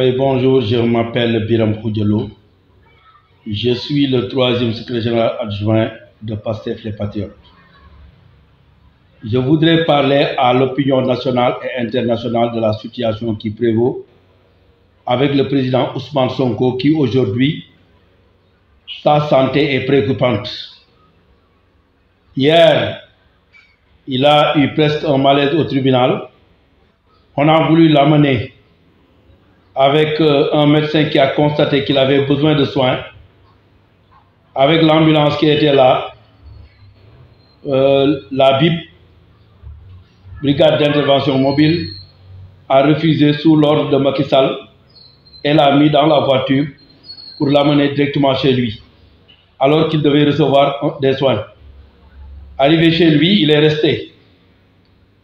Oui, bonjour, je m'appelle Biram Koudjelo. Je suis le troisième secrétaire général adjoint de PASTEF Les Patriotes. Je voudrais parler à l'opinion nationale et internationale de la situation qui prévaut avec le président Ousmane Sonko qui aujourd'hui, sa santé est préoccupante. Hier, il a eu presque un malaise au tribunal. On a voulu l'amener avec euh, un médecin qui a constaté qu'il avait besoin de soins, avec l'ambulance qui était là, euh, la BIP, Brigade d'intervention mobile, a refusé sous l'ordre de Macky Sall et l'a mis dans la voiture pour l'amener directement chez lui, alors qu'il devait recevoir euh, des soins. Arrivé chez lui, il est resté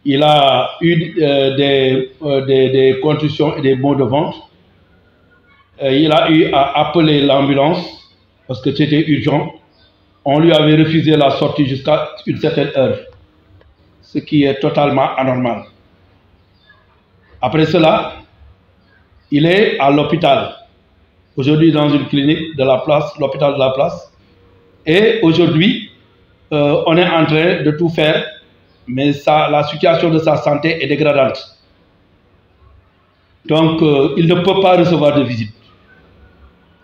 il a eu euh, des, euh, des, des, contusions et des maux de ventre. Euh, il a eu à appeler l'ambulance parce que c'était urgent. On lui avait refusé la sortie jusqu'à une certaine heure, ce qui est totalement anormal. Après cela, il est à l'hôpital, aujourd'hui dans une clinique de la place, l'hôpital la place. Et aujourd'hui, euh, on est en train de tout faire mais ça, la situation de sa santé est dégradante. Donc, euh, il ne peut pas recevoir de visite.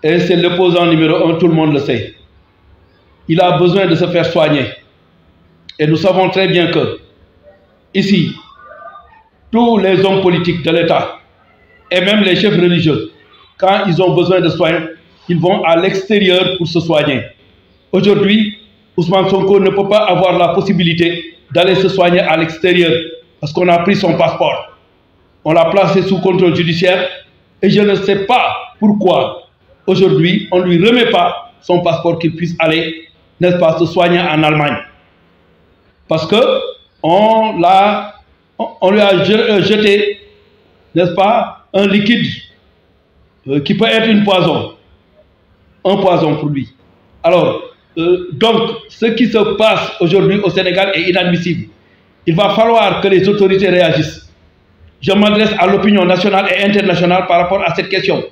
Et c'est l'opposant numéro un, tout le monde le sait. Il a besoin de se faire soigner. Et nous savons très bien que, ici, tous les hommes politiques de l'État, et même les chefs religieux, quand ils ont besoin de soins, ils vont à l'extérieur pour se soigner. Aujourd'hui, Ousmane Sonko ne peut pas avoir la possibilité d'aller se soigner à l'extérieur parce qu'on a pris son passeport. On l'a placé sous contrôle judiciaire et je ne sais pas pourquoi aujourd'hui on ne lui remet pas son passeport qu'il puisse aller, n'est-ce pas, se soigner en Allemagne. Parce que on, l'a, on lui a euh, jeté, n'est-ce pas, un liquide euh, qui peut être une poison. Un poison pour lui. Alors, Euh, donc, ce qui se passe aujourd'hui au Sénégal est inadmissible. Il va falloir que les autorités réagissent. Je m'adresse à l'opinion nationale et internationale par rapport à cette question.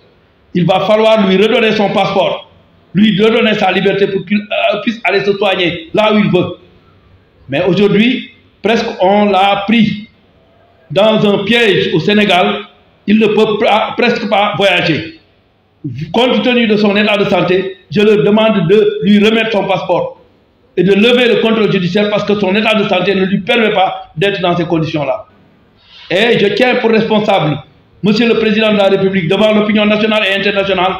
Il va falloir lui redonner son passeport, lui redonner sa liberté pour qu'il euh, puisse aller se soigner là où il veut. Mais aujourd'hui, presque on l'a pris dans un piège au Sénégal. Il ne peut presque pas voyager. compte tenu de son état de santé, je leur demande de lui remettre son passeport et de lever le contrôle judiciaire parce que son état de santé ne lui permet pas d'être dans ces conditions-là. Et je tiens pour responsable, Monsieur le Président de la République, devant l'opinion nationale et internationale,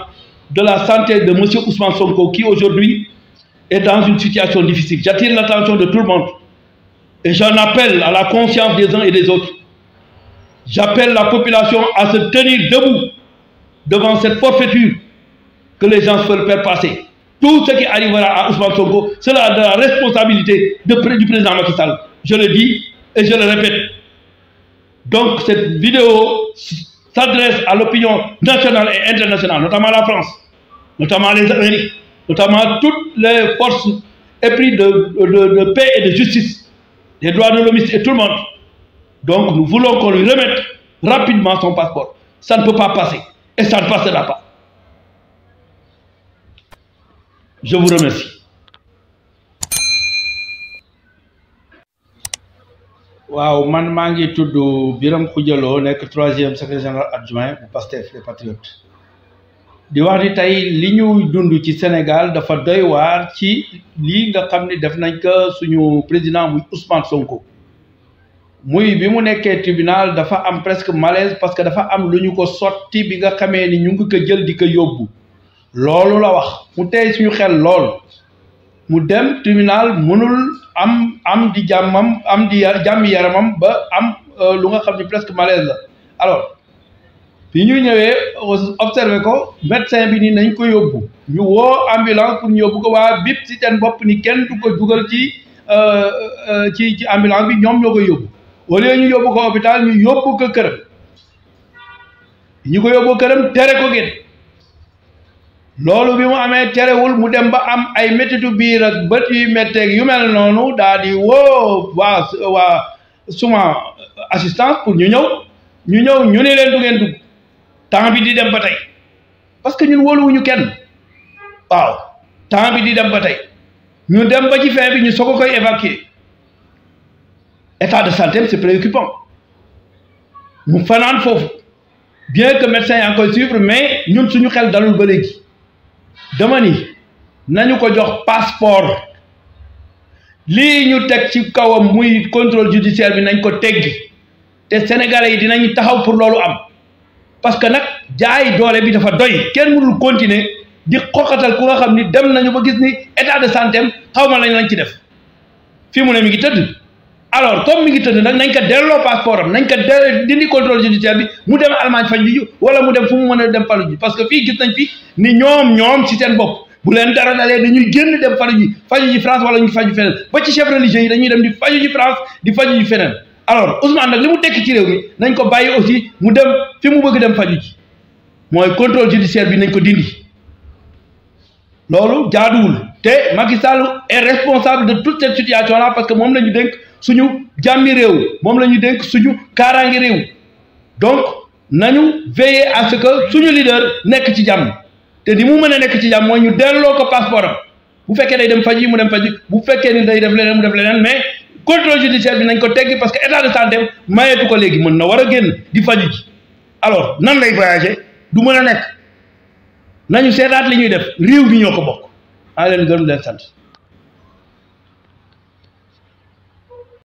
de la santé de Monsieur Ousmane Sonko, qui aujourd'hui est dans une situation difficile. J'attire l'attention de tout le monde et j'en appelle à la conscience des uns et des autres. la population à se devant cette forfaiture que les gens veulent faire passer. Tout ce qui arrivera à Ousmane Sonko sera de la responsabilité de, du président Macky Je le dis et je le répète. Donc cette vidéo s'adresse à l'opinion nationale et internationale, notamment la France, notamment les Amériques, notamment toutes les forces épris de, de, de, paix et de justice, les droits de l'homme et tout le monde. Donc nous voulons qu'on lui remette rapidement son passeport. Ça ne peut pas et ça ne passera pas. Je waaw man maa ngi tudd biram Khoudia nekk troisième secrétaire général adjoint bu PASTEF les patriotes di wax ni tey li ñu dund ci senegal dafa doy waar ci lii nga xam ne def nañ ko suñu président muy Ousmane Sonko muy bi mu nekkee tribunal dafa am presque malaise parce que dafa am lu ñu ko sotti bi nga xamee ni ñu ngi ko jël di ko yóbbu loolu la wax mu tey suñu xel lool mu dem tribunal mënul am am di jàmmam am di jàmm yaramam ba am euh, lu nga xam ni presque malaise la alors bi ñu ñëwee observé ko médecin bi ni nañ ko yóbbu ñu woo ambulance pour ñu yóbbu ko waa bip si seen bopp ni kenn du ko dugal ci euh, euh, ci ci ambulance bi ñoom ñoo ko yóbbu au lieu ñu yóbbu ko hôpital ñu yóbbu ko këram ñu ko yóbbu këram tere ko gén loolu bi mu amee terewul mu dem ba am ay métitu biir ak bët yu yu mel noonu daa di woo waa waa assistance pour ñu ñëw ñu ñëw ñu ne leen du ngeen dugg temps bi di dem ba tey parce que ñun wóoluwuñu kenn waaw temps bi di dem ba tey ñu dem ba ci fin bi ñu soog koy évacuer état de santé c'est préoccupant mu fanaan foofu bien que médecin yaa ngi koy suivre mais ñun suñu xel dalul ba léegi dama ni nañu ko jox passeport lii ñu teg ci kawam muy contrôle judiciaire bi nañ ko teggi te sénégalais yi dinañ taxaw pour loolu am parce que nag jaay doole bi dafa doy kenn mënul continuer di xoqatal ku nga xam ni dem nañu ba gis ni état de santé am xaw ma lañ lañ ci def fii mu ne mi ngi tëdd alors comme mi ngi tëdd nag nañ ko delloo passeport am nañ ko delloo dindi contrôle judiciaire bi mu dem Allemagne faj bi ju wala mu dem fu mu mën a dem falu ji parce que fii gis nañ fi ni ñoom ñoom ci seen bopp bu leen dara dalee dañuy génn dem faju ji faju ji France wala ñu faju feneen ba ci chef religieux yi dañuy dem di faju ji France di faju ji feneen alors Ousmane nag li mu tekk ci réew mi nañ ko bàyyi aussi mu dem fi mu bëgg dem faju ji mooy contrôle judiciaire bi nañ ko dindi loolu jaaduwul te Macky Sall est responsable de toute cette situation là parce que moom la ñu dénk suñu jàmmi réew moom la ñu dénk suñu kaaraangi réew donc nañu veiller à ce que suñu leader nekk ci jàmm te di mu mën a nekk ci jàmm mooy ñu delloo ko passeport am bu fekkee day dem faji mu dem faji bu fekkee ni day def leneen mu def leneen mais contrôle judiciaire bi nañ ko teggi parce que état de santé mayeetu ko léegi mën na war a génn di faju ji alors nan lay voyager du mën a nekk nañu seetaat li ñuy def réew bi ñëw ko bokk maa leen gërëm leen sant